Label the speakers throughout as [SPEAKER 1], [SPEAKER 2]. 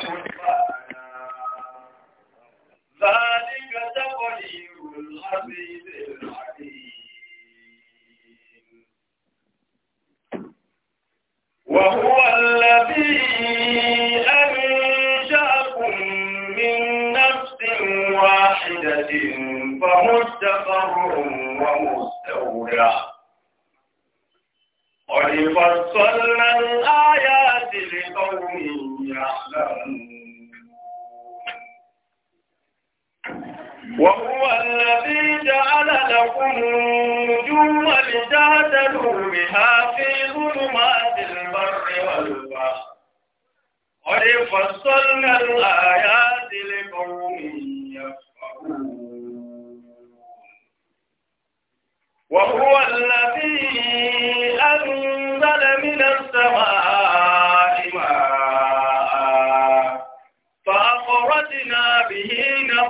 [SPEAKER 1] to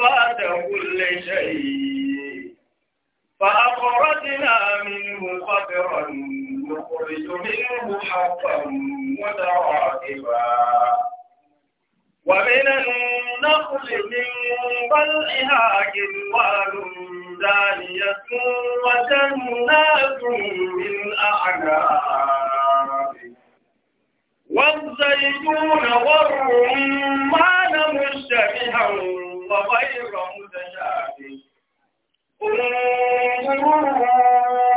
[SPEAKER 1] أراد كل شيء فأخرجنا منه قدرا نخرج منه حقا متراكبا ومن النخل من طلعها كنوان دانية وجنات من أعناب والزيتون والرمان مشتبها وغير متشابه انظروا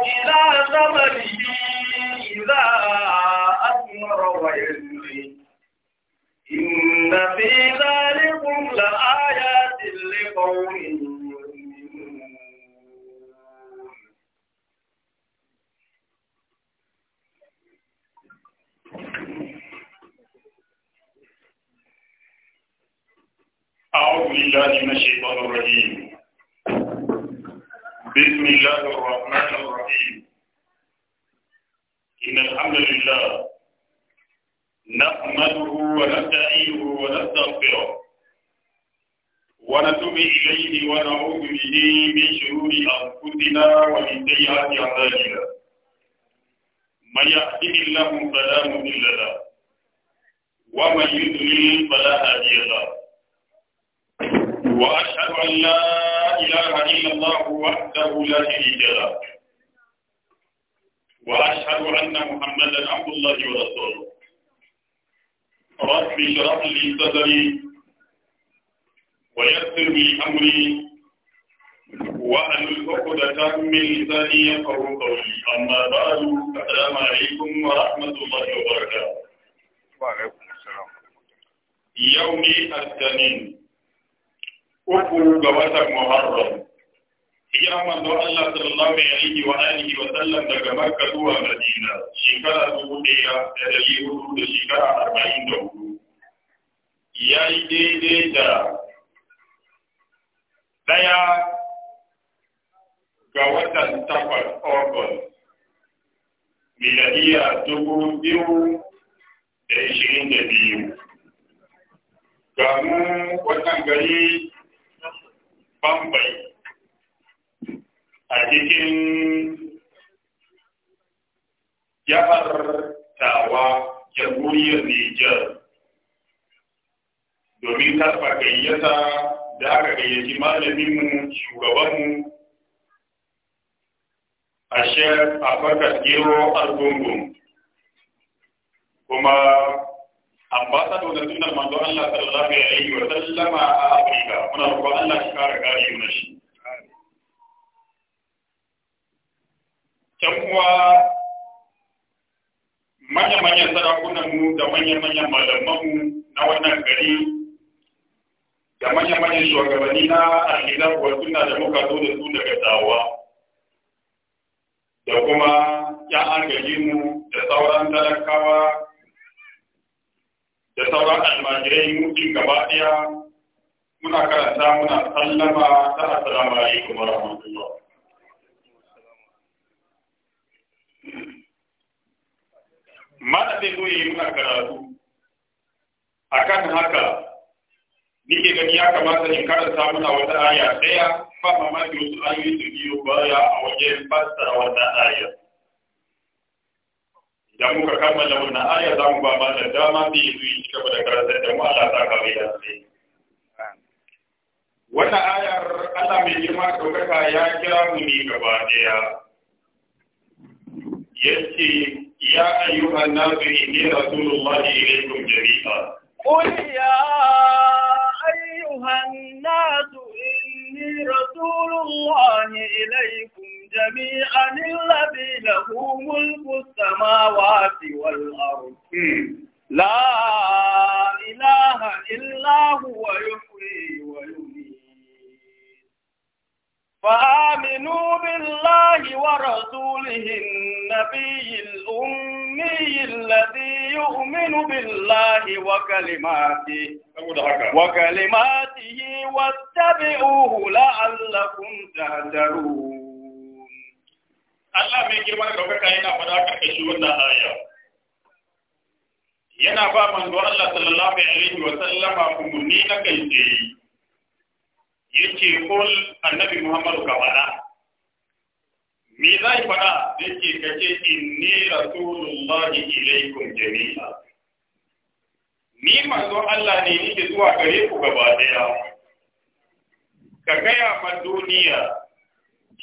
[SPEAKER 1] إلى ثمره إذا أثمر ويزري إن في ذلكم لآيات لقوم يؤمنون
[SPEAKER 2] أعوذ بالله من الشيطان الرجيم بسم الله الرحمن الرحيم إن الحمد لله نحمده ونستعينه ونستغفره ونتوب إليه ونعوذ به من شرور أنفسنا ومن سيئات أعمالنا من يهده الله فلا مضل له ومن يضلل فلا هادي له وأشهد أن لا إله إلا الله وحده لا شريك له وأشهد أن محمدا عبد الله ورسوله رب اشرح لي صدري ويسر لي أمري وأن عقدة من لساني يفقهوا قولي أما بعد السلام عليكم ورحمة الله وبركاته وعليكم السلام يوم الثمين uku ga watan Muharram. Hijiran manzo Allah sallallahu alaihi wa alihi wa sallam daga Makka zuwa Madina shekara dubu ɗaya da ɗari hudu da shekara arba'in da hudu. Ya yi daidai da ɗaya ga watan takwas August. Miladiya dubu biyu da ishirin da biyu. Ga mu wannan gari bambai a cikin jihar tawa jamhuriyar Nijar domin karfa gayyata da aka gayyaci malaminmu shugabanmu a shek abakar gero kuma ambasado da sunan manzo Allah sallallahu alaihi wa sallama a Afrika, muna roƙon Allah shi kare kare yi mashi. can kuwa manya-manyan sarakunan mu da manya-manyan malamanmu na wannan gari da manya-manyan shugabanni na alhilar wa suna da muka zo da su daga tawa, da kuma ya an gaji mu da sauran talakawa da sauran almajirai mutum gaba ɗaya muna karanta muna sallama ta assalamu alaikum wa rahmatullah mana zai zo yi muna karatu akan haka nike gani ya kamata in karanta muna wata aya ɗaya fa mamaki wasu ayoyi su biyo baya a wajen fassara wannan ayar da muka kammala wannan aya za mu ba malam dama sai yanzu yi cika da karatar da mu Allah ta kawo ya sai wannan ayar Allah mai girma ɗaukaka ya kira mu ne gaba ɗaya yace ya ayyuhan nasu inni rasulullahi ilaykum jami'a
[SPEAKER 1] qul ya ayyuhan nasu إني رسول الله إليكم جميعا الذي له ملك السماوات والأرض لا إله إلا هو يحيي ويميت فآمنوا بالله ورسوله النبي الأمي الذي يؤمن بالله وكلماته وكلماته wattabi'uhu la'allakum tahtadun
[SPEAKER 2] Allah mai girma da yana faɗa karkashin wannan aya yana ba manzo Allah sallallahu alaihi wa sallama na Muhammadu ka me zai ni manzo Allah ne nike zuwa gare ku gaba daya ka gaya ma duniya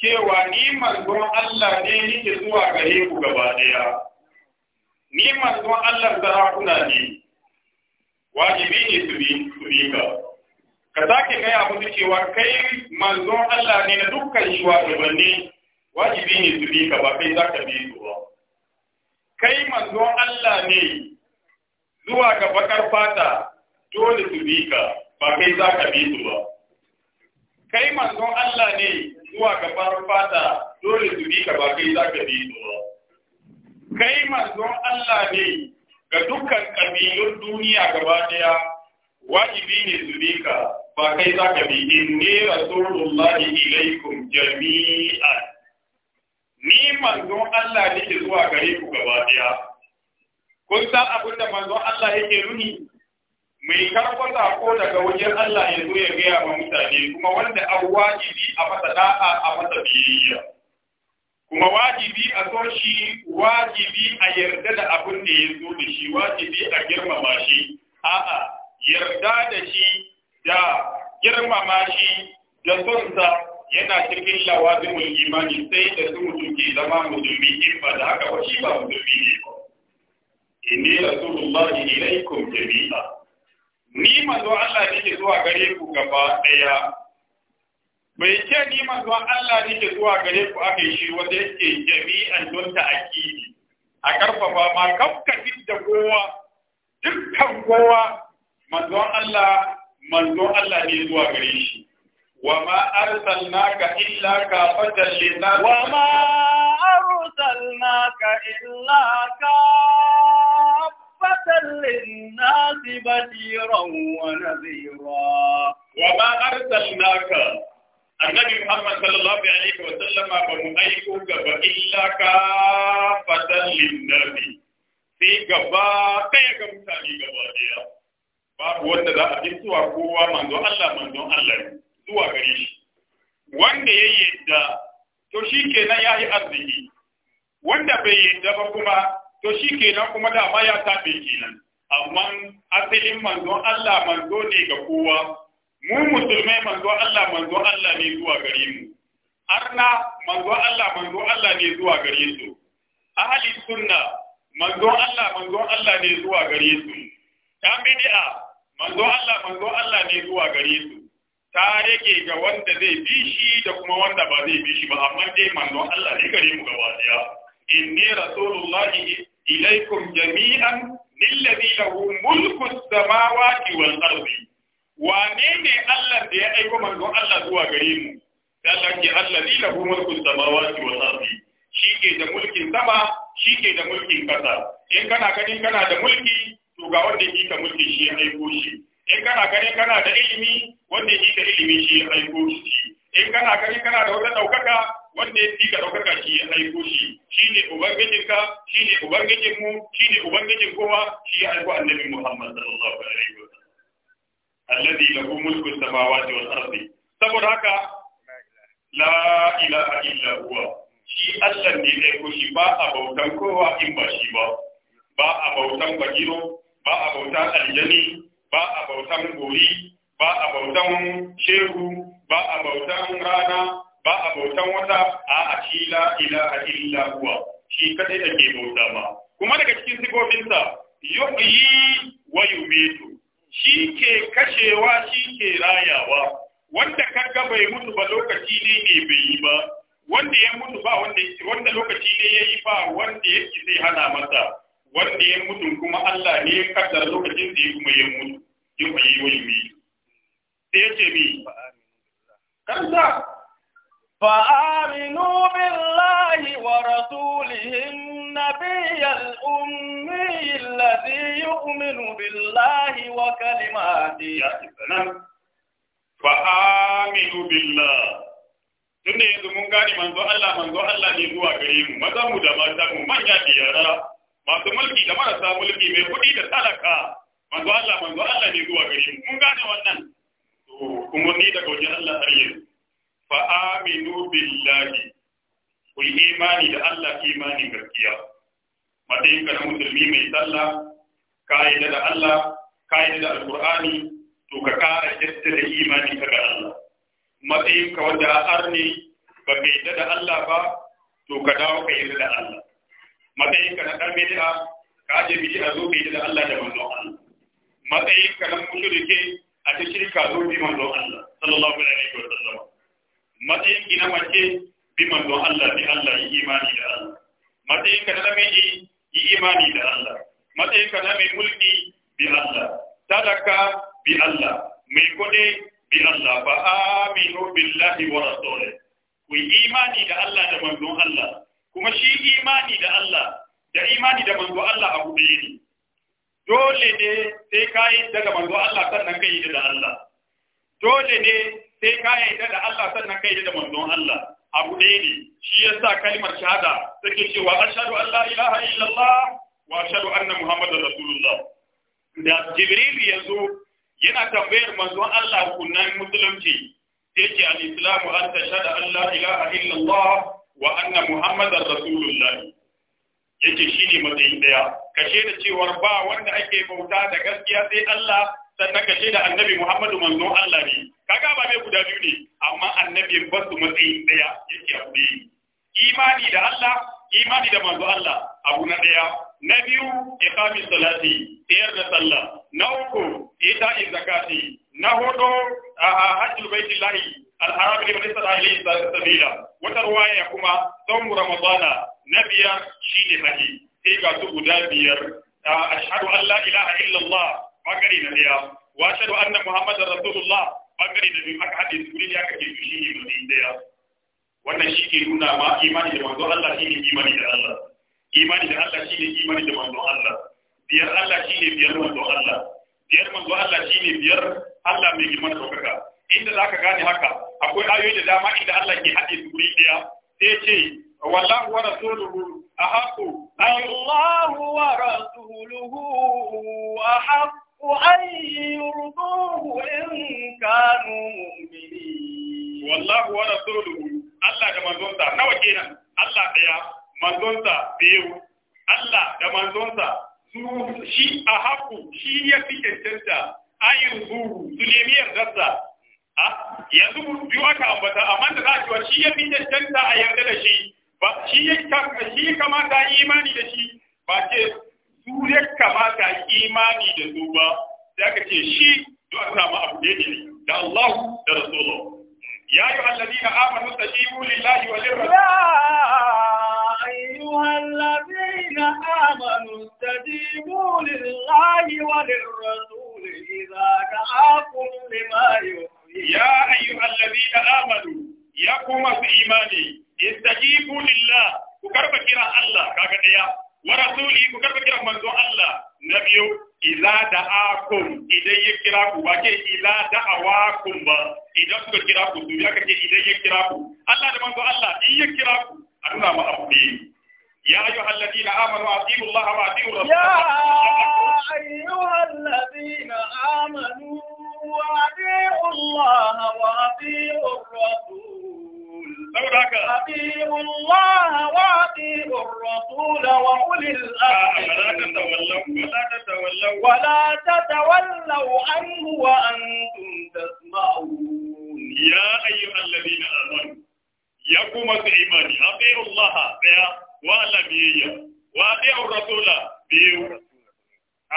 [SPEAKER 2] cewa ni manzon Allah ne nike zuwa gare ku gaba daya ni manzon Allah sarakuna ne wajibi ne su bi su bi ka ka sake gaya musu cewa kai manzon Allah ne na dukkan shugabanni wajibi ne su bi ka ba kai za ka bi su ba kai manzon Allah ne zuwa ga bakar fata dole su bi ka ba kai za ka bi su ba kai manzon Allah ne zuwa ga farar fata dole su bi ka ba kai za ka bi su Kai manzon Allah ne ga dukkan ƙabilun duniya gaba daya wajibi ne su bi ka ba kai za ka bi in rasulullahi ilaikum jami'an. Ni manzon Allah ne zuwa gare ku gaba daya Kun san abin da manzon Allah yake nuni mai karɓar sako daga wajen Allah ya zo ya gaya wa mutane kuma wanda abu wajibi a masa da'a a masa biyayya kuma wajibi a so shi wajibi a yarda da abin da ya zo da shi wajibi a girmama shi a'a yarda da shi da girmama shi da sonsa yana cikin lawazimul imani sai da su mutum ke zama mutumi in ba da haka ba shi ba mutumi ne ba inni rasulullahi ilaikum jami'a ni manzo Allah nake zuwa gare ku gaba daya bai ce ni manzo Allah nake zuwa gare ku aka yi shi wanda yake jami'an don ta akidi a karfafa ma kafkafin da kowa dukkan kowa manzo Allah manzo Allah ne zuwa gare shi وما أرسلناك إلا كافة wa ma
[SPEAKER 1] arsalnaka illa ka كافة للناس بشيرا ونذيرا وما أرسلناك النبي محمد
[SPEAKER 2] sai gaba ɗaya mutane gaba ɗaya babu wanda kowa manzo Allah manzon Allah zuwa shi wanda ya yadda to shi kenan ya yi arziki wanda bai yadda ba kuma to shi kenan kuma ma ya taɓe kenan amma asalin manzon Allah manzo ne ga kowa mu musulmai manzo Allah manzo Allah ne zuwa gare mu arna manzo Allah manzo Allah ne zuwa gare su ahli sunna manzo Allah manzo Allah ne zuwa gare su dan manzo Allah manzo Allah ne zuwa gare su ta rage ga wanda zai bi shi da kuma wanda ba zai bi shi ba amma dai Manzon Allah ne gare mu gaba daya inni rasulullahi ilaikum jami'an lillazi lahu mulku ne Allah da ya aiko manzo Allah zuwa gare mu Allah ke allazi lahu mulku samawati wal ardi shi ke da mulkin sama shi ke da mulkin kasa in kana ganin kana da mulki to ga wanda yake mulki shi ya aiko shi in kana ganin kana da ilimi wanda yake da ilimi shi ya aiko shi in kana ganin kana da wata ɗaukaka? wanda ya fi ka ɗaukaka shi ya aiko shi shi ne ubangijinka shi ne ubangijinmu shi ne ubangijin kowa shi ya aiko annabi muhammad sallallahu alaihi wa sallam alladhi lahu mulku samawati wal ardi saboda haka la ilaha illa huwa shi Allah ne ya aiko shi ba a bautan kowa in ba shi ba ba a bautan bagiro ba a bautan aljani ba a bautan gori ba a bautan shehu ba a bautan rana ba a bautan wata a a shi la ilaha illa huwa shi kadai ake bauta ma kuma daga cikin Yau yuhyi wa yumitu shi ke kashewa shi ke rayawa wanda kaga bai mutu ba lokaci ne ne bai yi ba wanda ya mutu ba wanda wanda lokaci ne yayi ba wanda ya sai hana masa wanda ya mutu kuma Allah ne ya kaddara lokacin da ya kuma ya mutu yuhyi wa yumitu sai ya ce mi karanta
[SPEAKER 1] فآمنوا بالله ورسوله النبي الأمي الذي يؤمن بالله وكلماته
[SPEAKER 2] فآمنوا بالله tunda yanzu mun gane manzo Allah manzo Allah ne zuwa gare mu maza mu da mata mu manya da yara masu mulki da marasa mulki mai kuɗi da talaka manzo Allah manzo Allah ne zuwa gare mu mun gane wannan to kuma ni daga wajen Allah har yanzu fa aminu billahi ku imani da Allah imanin gaskiya matsayin ka na musulmi mai sallah ka'ida da Allah ka'ida da alqur'ani to ka kara jaddada imani ka ga Allah matsayin ka wanda arni ba ka yarda da Allah ba to ka dawo ka yarda da Allah matsayin ka na dan bid'a ka je a zo ka yarda da Allah da manzon Allah matsayin ka na mushrike a cikin ka zo bi manzon Allah sallallahu alaihi wa sallam matsayin gina na mace bi manzon Allah bi Allah yi imani da Allah matsayin ka na namiji yi imani da Allah matsayin ka na mai mulki bi Allah sadaka bi Allah mai kudi bi Allah fa aminu billahi wa rasulihi ku imani da Allah da manzon Allah kuma shi imani da Allah da imani da manzo Allah abu ɗaya ne dole ne sai ka yi daga manzo Allah sannan ka da Allah dole ne sai ka yarda da Allah sannan ka yarda da manzon Allah abu ɗaya ne shi yasa kalmar shahada take cewa ashhadu an la ilaha illallah wa ashhadu anna muhammadar rasulullah da jibril yanzu yana tambayar manzon Allah kunnan musulunci sai ce al-islamu an tashhadu an la ilaha illallah wa anna muhammadar rasulullah yake shi ne matsayin ɗaya kashe da cewar ba wanda ake bauta da gaskiya sai Allah sannan ka da annabi Muhammadu manzon Allah ne kaga ba mai guda biyu ne amma annabi ba su matsayi daya yake ne. imani da Allah imani da manzo Allah abu na daya na biyu iqamis salati tsayar da sallah na uku ita'i zakati na hudu hajjul baitillahi الحرام لمن استطاع اليه سبيلا وتروايه كما صوم رمضان نبيا شيء حديث sai ga su guda biyar a an la ilaha bangare na daya wa shahadu anna muhammadar rasulullah bangare na biyu aka hade su guri aka ke shi ne mutum daya wannan shi ke nuna ma imani da manzon Allah shi ne imani da Allah imani da Allah shi ne imani da manzon Allah biyar Allah shi ne biyar manzon Allah biyar manzon Allah shi ne biyar Allah mai girman ɗaukaka inda za ka gane haka akwai ayoyi da dama inda Allah ke haɗe su guri ɗaya sai ce wallahu wa rasuluhu ahaqu an
[SPEAKER 1] wallahu wa rasuluhu ahaqu وأن يرضوه إن كانوا مؤمنين والله ورسوله
[SPEAKER 2] الله كما زنت نوكينا الله يا من زنت بيو الله كما زنت shi a haku shi ya fi cancanta ayin zuru su nemi yanzu biyu aka ambata amma da za a shi ya fi cancanta a yarda da shi ba shi ya kamata imani da shi ba ce su ya kamata imani da su ba sai aka ce shi don a samu abu da ne da Allah da Rasulullah ya yi allazi na amanu ta ibu
[SPEAKER 1] أيها الذين آمنوا استجيبوا لله وللرسول إذا دعاكم لما يحييكم يا أيها الذين آمنوا يا في
[SPEAKER 2] إيماني استجيبوا لله وكرب كرا الله كاكا ورسولي كتب كرام من الله نبي إلا دعاكم إذا يكراك وكي إلا دعواكم إذا كتب كراك دويا كي إذا يكراك الله من الله إذا يكراك أنا ما أبدي يا أيها الذين آمنوا أطيعوا
[SPEAKER 1] الله وأطيعوا الرسول يا أيها الذين آمنوا وأطيعوا الله وأطيعوا الرسول saboda haka Allah wa atiiu ar-rasul wa ulil amri wala tatawallaw wala tatawallaw wala tatawallaw anhu wa antum tasma'un ya ayyuhalladhina amanu
[SPEAKER 2] ya kuma su imani atiiu Allah daya wa Allah biyayya wa atiiu ar-rasul biyu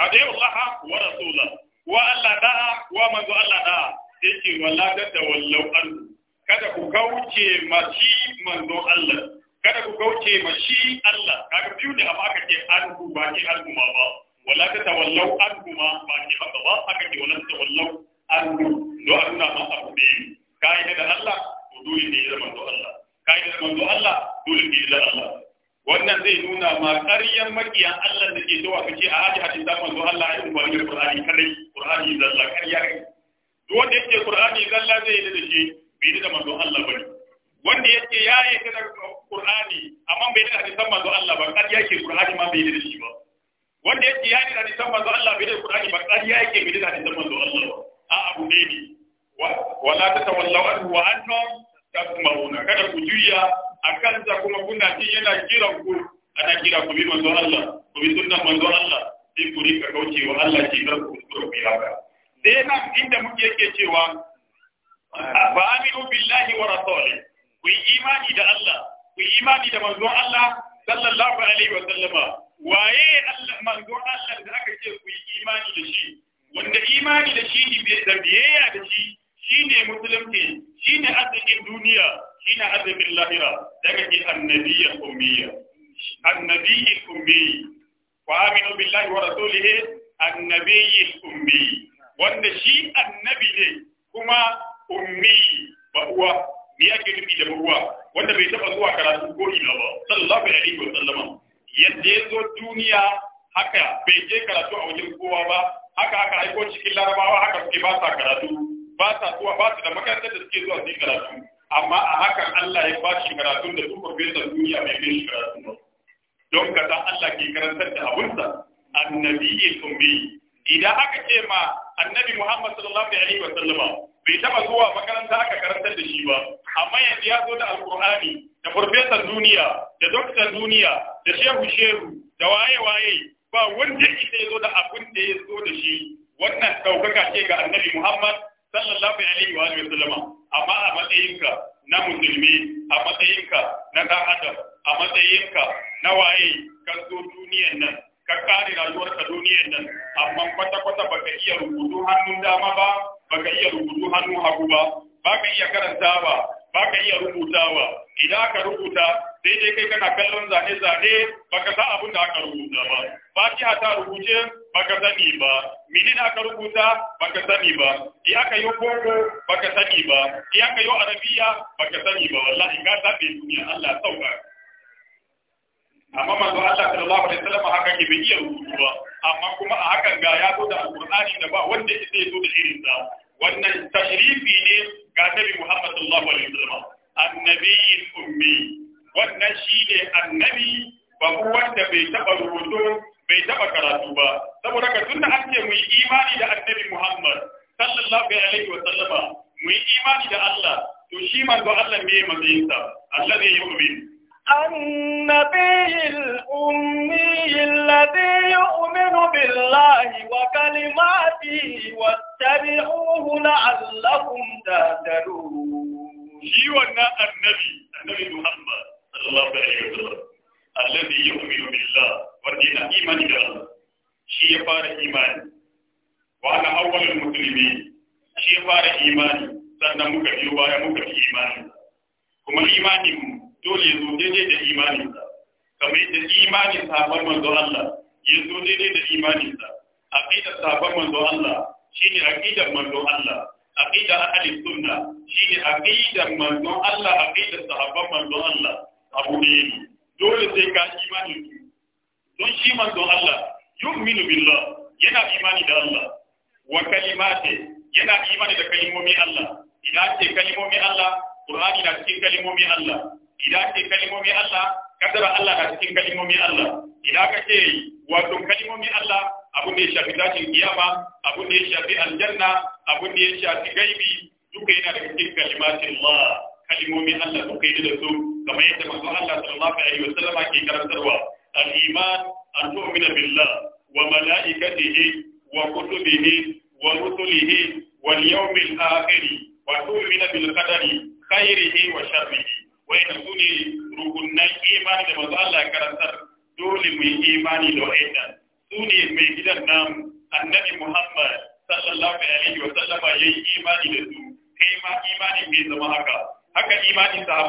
[SPEAKER 2] atiiu Allah wa rasula wa Allah da'a wa manzo Allah da'a yake wala tatawallaw anhu kada ku kauce mashi manzon Allah kada ku kauce mashi Allah kaga biyu ne amma aka ce an ku ba ke an kuma ba wala ta tawallau an kuma ba ke haka ba aka ce wala ta tawallau an ku don an nuna man abu da yi kai da Allah to dole ne ya manzo Allah kai da manzo Allah dole ne ya Allah wannan zai nuna ma ƙaryan makiyan Allah da ke zuwa kace a haji hadin da manzo Allah ya umarni Qur'ani kare Qur'ani zalla ƙarya duk wanda yake Qur'ani zalla zai yi da shi bai da manzo Allah bane wanda yake ya yi da Qur'ani amma bai da hadisan manzo Allah ba kar yake Qur'ani ma bai da shi ba wanda yake ya yi da hadisan manzo Allah bai da Qur'ani ba kar yake bai da hadisan manzo Allah ba a abu ne ne wala tatawallaw an wa antum tasma'una kada ku juya akan ta kuma kuna ji yana kira ku ana kira ku bi manzo Allah ku bi sunnan manzo Allah sai ku rika kauce wa Allah ki kar ku kuskura ku yi haka dai nan inda muke yake cewa fa aminu billahi wa rasuli ku yi imani da Allah ku yi imani da manzon Allah sallallahu alaihi wa sallama waye Allah
[SPEAKER 1] Allah da aka
[SPEAKER 2] ce ku yi imani da shi wanda imani da shi ne da da shi shine musulunci shine arzikin duniya shine arzikin lahira daga ke annabiyya ummiya annabiyyi ummi wa aminu billahi wa wanda shi annabi ne kuma ummi bahuwa me yake nufi da bahuwa wanda bai taba zuwa karatu ko ina ba sallallahu alaihi wa sallama yadda ya zo duniya haka bai je karatu a wajen kowa ba haka haka aiko cikin larabawa haka suke ba sa karatu ba sa zuwa ba su da makarantar da suke zuwa su yi karatu amma a hakan Allah ya ba karatu da su duniya karatu don kaza Allah ke karantar da abunsa annabi ummi idan aka ce ma annabi Muhammad sallallahu alaihi wa sallama bai taba zuwa makaranta aka karantar da shi ba amma yanzu ya zo da alkur'ani da farfesan duniya da doktar duniya da shehu shehu da waye waye ba wanda ita ya zo da abin da ya zo da shi wannan ɗaukaka ce ga annabi muhammad sallallahu alaihi wa sallama amma a matsayinka na musulmi a matsayinka na ɗan adam a matsayinka na waye ka zo duniyan nan ka kare rayuwarka duniyan nan amma kwata-kwata baka iya rubutu hannun dama ba baka iya rubutu hannu hagu ba baka iya karanta ba baka iya rubutawa idan aka rubuta sai dai kai kana kallon zane zane baka san abin da aka rubuta ba fatiha ta rubuce baka sani ba minin aka rubuta baka sani ba idan e aka yi koko baka sani ba idan e aka yi arabiya baka sani ba wallahi ka sabe duniya Allah sauka amma manzo Allah sallallahu alaihi wasallam haka ke bai iya rubutu ba amma kuma a hakan ga ya zo da alqur'ani da ba wanda yake zo da irin sa wannan tashrifi ne ga nabi Muhammad sallallahu alaihi wasallam annabi ummi wannan shine annabi ba wanda bai taba rubutu bai taba karatu ba saboda ka tunda an ce mu yi imani da annabi Muhammad sallallahu alaihi wasallam mu yi imani da Allah to shi manzo Allah ne matsayinsa
[SPEAKER 1] Allah ne ya yi النبي الأمي الذي يؤمن بالله وكلماته واتبعوه لعلكم تهتدون شي النبي
[SPEAKER 2] النبي محمد صلى الله عليه وسلم الذي يؤمن بالله ودين إيمان الله شيء فار إيمان وأنا أول المسلمين شيء فار إيمان سنة مكتوبة مكتوبة إيمان كما إيمانهم dole ya zo daidai da imaninsa kamar yadda imanin sabon manzo Allah ya zo daidai da imaninsa aqidar sabon manzo Allah shine aqidar manzo Allah aqidar ahli sunna shine aqidar manzo Allah aqidar sahabban manzo Allah abu ne dole sai ka imanin su don shi manzo Allah yu'minu billah yana imani da Allah wa kalimati yana imani da kalimomi Allah ina ce kalimomi Allah Qur'ani na cikin kalimomi Allah idan ake kalimomi Allah kadara Allah a cikin kalimomi Allah idan ka ce wato kalimomi Allah abun ne shafi tashin kiyama abun ne shafi aljanna abun ne shafi gaibi duka yana da cikin kalimatin Allah kalimomi Allah duka yana da su kamar yadda manzo Allah sallallahu alaihi wasallama ke karantarwa al-iman an tu'mina billah wa malaikatihi wa kutubihi wa rusulihi wal yawmil akhir wa tu'mina bil qadari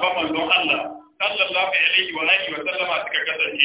[SPEAKER 2] sahabban manzon Allah sallallahu alaihi wa alihi wa sallama suka kasance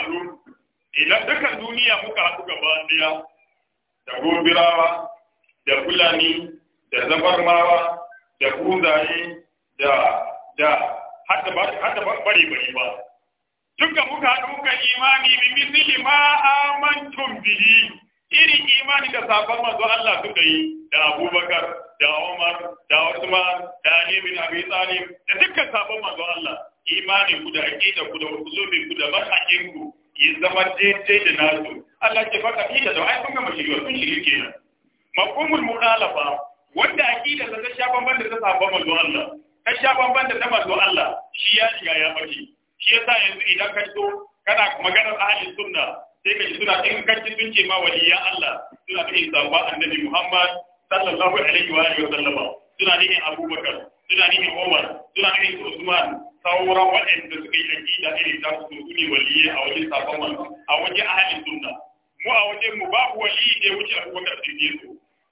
[SPEAKER 1] haɗu idan dukan duniya muka haɗu gaba ɗaya
[SPEAKER 2] da gobirawa da fulani da zabarmawa da kuzaye da da ba bare bare ba duka muka haɗu ka imani bi misli ma amantum bihi iri imani da sabon manzo Allah suka yi da Abubakar da Umar da Usman da Ali bin Abi Talib da dukkan sabon manzo Allah imani ku da aqida ku da usulin ku da manhajin ku yi zama daidai da nasu Allah ke faɗa aqida da ai kun ga mashiriwa kun shiri kenan mafhumul mukhalafa wanda aqida ta sha bamban da ta saba manzo Allah ta sha bamban da ta manzo Allah shi ya shiga ya bace shi yasa yanzu idan ka so kana maganar ahli sunna sai ka ji suna in ka ji sun ce ma ya Allah suna cikin sabba annabi Muhammad sallallahu alaihi wa alihi wa sallama suna nihin Abubakar suna ne Umar suna ne Usman sauran waɗanda suka yi aƙida irin ta su ne waliye a wajen sabon manzo a wajen ahalin sunna mu a wajen mu babu wali da ya wuce Abubakar Siddiq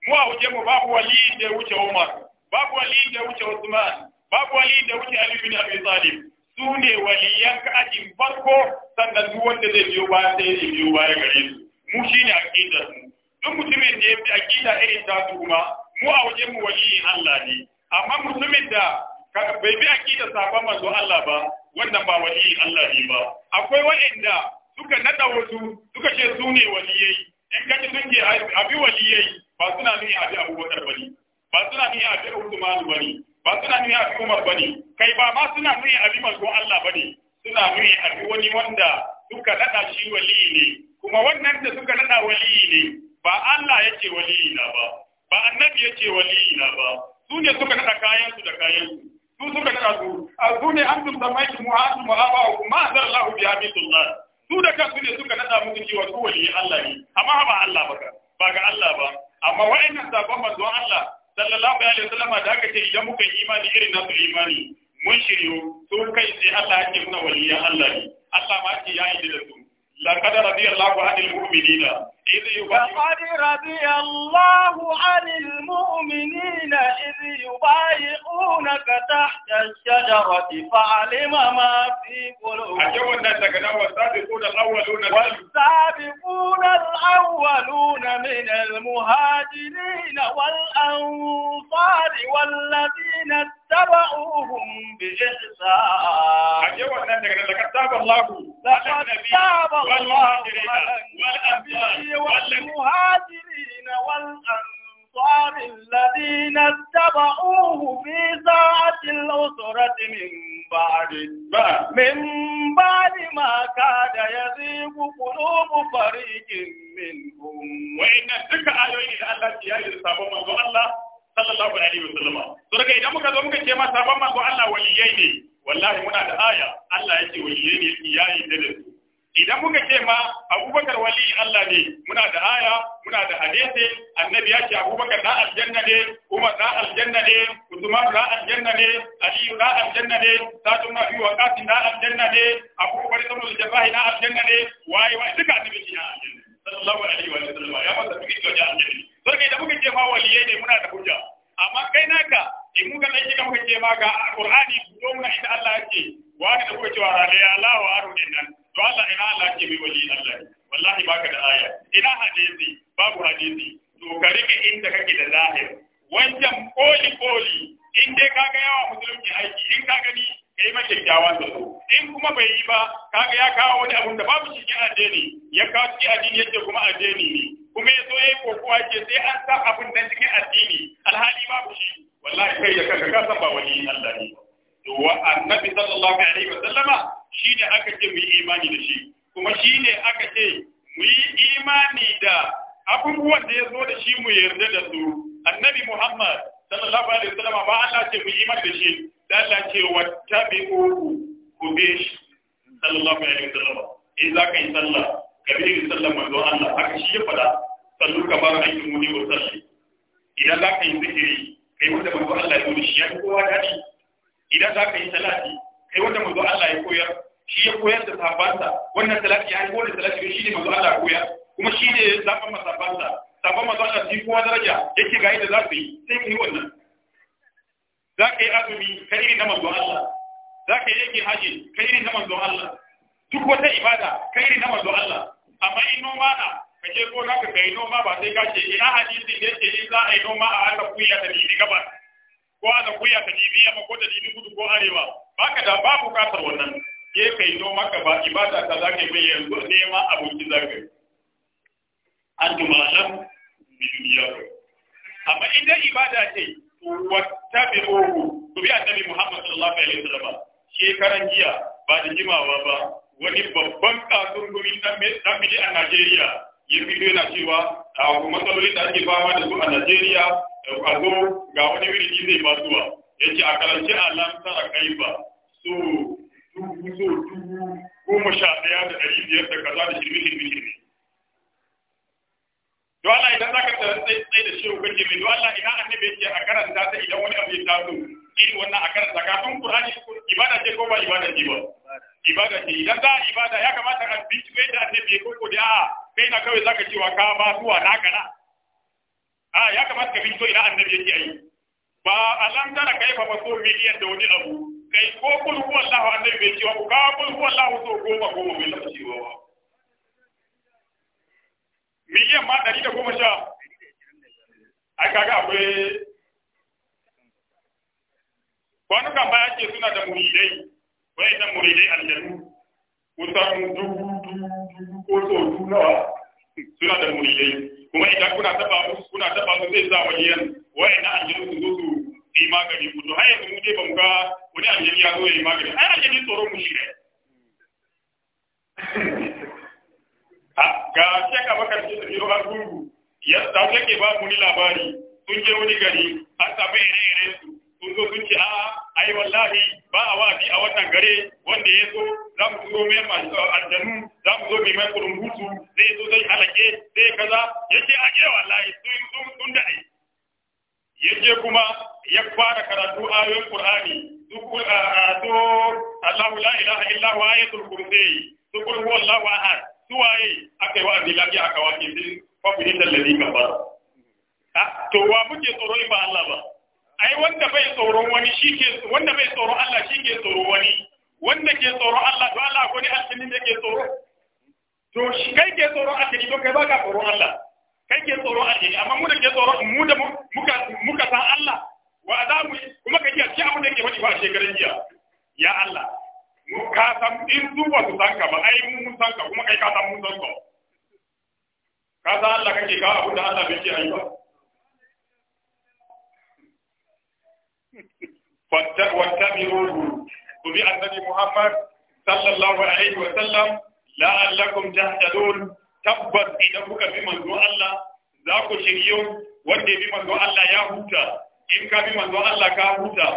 [SPEAKER 2] mu a wajen mu babu wali da ya wuce Umar babu wali da ya wuce Usman babu wali da ya wuce Ali bin Abi Talib su ne waliyan ka'ajin farko sannan duk wanda zai biyo baya sai ya biyo baya gare su mu shine aƙidar mu duk mutumin da ya fi aƙida irin ta su kuma mu a wajen mu waliyin Allah ne amma mutumin da kaga bai bi aqida sabon manzo Allah ba wannan ba wali Allah ne ba akwai wa'anda suka nada wasu suka ce su ne waliyai in ka ji ce abi waliyai ba suna nuni abi Bakar bane ba suna nuni abi Uthman bane ba suna nuni abi Umar bane kai ba ma suna ne abi manzo Allah bane suna nuni abi wani wanda suka nada shi wali ne kuma wannan da suka nada wali ne ba Allah yake wali na ba ba annabi yake wali na ba su ne suka nada kayan su da kayan su azuni antum zamaitu mu'adu mu'abahu ma zarallahu bi abidullah su da kansu ne suka nada muku cewa su wali Allah ne amma ba Allah ba ba ga Allah ba amma wa'annan sabon manzon Allah sallallahu alaihi wasallam da aka ce idan muka imani irin nasu imani mun shiryo sun kai sai Allah ya ce muna waliya Allah ne Allah ma ce ya yi da su laqad radiyallahu anil mu'minina
[SPEAKER 1] فقد رضي الله عن المؤمنين إذ يبايعونك تحت الشجرة فعلم ما في قلوبهم والسابقون الأولون من المهاجرين والأنصار والذين اتبعوهم بإحسان لقد تاب الله على النبي والمهاجرين والأنصار والمهاجرين والأنصار الذين اتبعوه في ساعة الأسرة من بعد من
[SPEAKER 2] hadisi babu hadisi to ka inda kake da zahir wancan koli koli in dai kaga yawa musulunci aiki in ka gani kai ma kyakkyawan da su in kuma bai yi ba kaga ya kawo wani abun da babu ke addini ya kawo shi addini yake kuma addini ne kuma ya so yayi kokowa ke sai an yaki an kone da shi ne manzo Allah koya kuma shi ne zaban masabansa sabon manzo Allah shi kowa daraja yake ga yadda za su yi sai kai wannan za ka yi azumi ka iri na manzo Allah za ka yi yake haji ka iri na manzo Allah duk wata ibada ka iri na manzo Allah amma in noma na ka je ko naka ka yi noma ba sai ka ce ina hadisi ne ce in za a yi noma a haka kuya ta bibi gabas ko a da kuya ta bibi ma ko ta bibi kudu ko arewa baka da babu bukatar wannan ke kai yi maka ba ibada ka za ka yi yanzu neman abinci za ka yi an tumashan bi duniya amma idan ibada ce wata bi ohu bi annabi muhammad sallallahu alaihi wasallam shekaran jiya ba da jimawa ba wani babban kasurgumin dan bidi a najeriya ya fito yana cewa a matsalolin da ake fama da su a najeriya a zo ga wani wuri zai ba zuwa ya a karance a lantar a kai ba su goma sha ɗaya da ɗari biyar da kaza da shirme shirme shirme don Allah idan za ka tsaye da shehu kake mai don Allah ina annabi yake a karanta ta idan wani abu ya taso irin wannan a karanta kafin Qur'ani ibada ce ko ba ibada ce ba ibada ce idan za a ibada ya kamata a bi kai da annabi ko koko da kai na kawai za zaka cewa ka ba suwa na kana a ya kamata ka bi to ina annabi yake yi. ba alam tara kai fa so miliyan da wani abu kai ko kul huwa Allah annabi bai cewa ko ka kul huwa Allah so goma goma bai taɓa cewa ba miliyan ma ɗari da goma sha ai kaga akwai wani kan baya ce suna da muridai wani da muridai aljanu kusan dubu dubu ko so nawa suna da muridai kuma idan kuna taba mu kuna taba mu zai sa wani yan wani na aljanu su zo su yi magani ku to har mu dai ba mu ga ya zo ya yi magani ai ake jin tsoron mushi ne ga shek abakar ce tafiyo har gungu ya ta take ba mu ni labari sun je wani gari an samu ire-ire su sun zo sun ce a ai wallahi ba a wa'azi a wannan gare wanda ya zo za mu zo mai masu eh, aljanu za mu zo mai mai kurumbutu zai zo zai halake zai kaza ya ce a ke eh, wallahi sun sun da ai ya je kuma ya fara karatu ayoyin qur'ani to wa aka to wa tsoro Allah ba wanda bai wani wanda bai Allah tsoro wani wanda ke Allah to Allah ko ne da ke tsoro Allah kai ke ke mu da muka muka san jifa shekaran jiya ya Allah mu ka san in su ba su san ka ba ai mun mun san ka kuma kai ka san mun san ka ka san Allah kake ka abu da Allah bai ce ai ba wattabi'uhu ku bi annabi Muhammad sallallahu alaihi wa sallam la'allakum tahtadun tabbas idan kuka bi manzo Allah za ku shiryu wanda ya bi manzo Allah ya huta in ka bi manzo Allah ka huta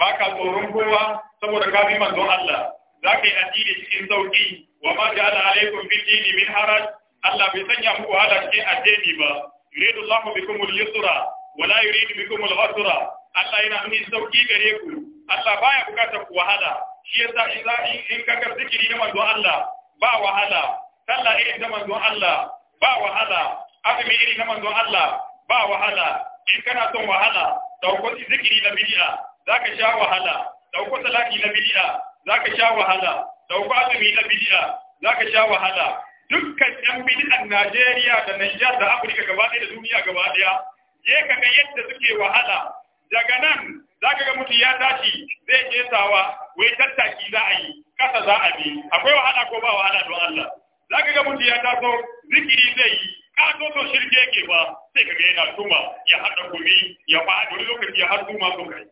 [SPEAKER 2] ba ka tsoron kowa saboda ka bi manzon Allah za ka yi addini cikin sauki wa ma ja'ala alaikum fid dini min haraj Allah bai sanya muku wahala cikin addini ba yuridu Allahu bikum al-yusra wa la yuridu bikum al-usra Allah yana nuni sauƙi gare ku Allah baya bukatar ku wahala shi yasa in ka ga zikiri na manzon Allah ba wahala sallah irin na manzon Allah ba wahala azumi irin na manzon Allah ba wahala in kana son wahala dauko zikiri na bid'a zaka sha wahala dauko talaki na bid'a zaka sha wahala dauko azumi na bid'a zaka sha wahala dukkan yan bid'an Najeriya da Niger da Afirka gaba ɗaya da duniya gaba ɗaya je ka yadda suke wahala daga nan zaka ga mutum ya tashi zai je sawa wai tattaki za a yi kasa za a bi akwai wahala ko ba wahala don Allah zaka ga mutum ya taso zikiri zai yi ka so so shirke ke ba sai kaga yana tuma ya hada gumi ya fa'a dole lokaci ya har tuma so kai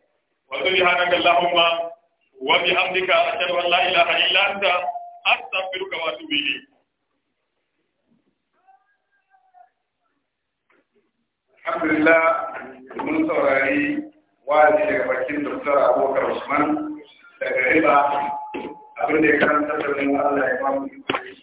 [SPEAKER 2] وسبحانك اللهم وبحمدك أشهد أن لا إله إلا أنت أستغفرك وأتوب إليك الحمد لله من saurari wa'azi daga bakin
[SPEAKER 1] Dr. Abubakar Usman daga riba abin da ya karanta da mu Allah ya ba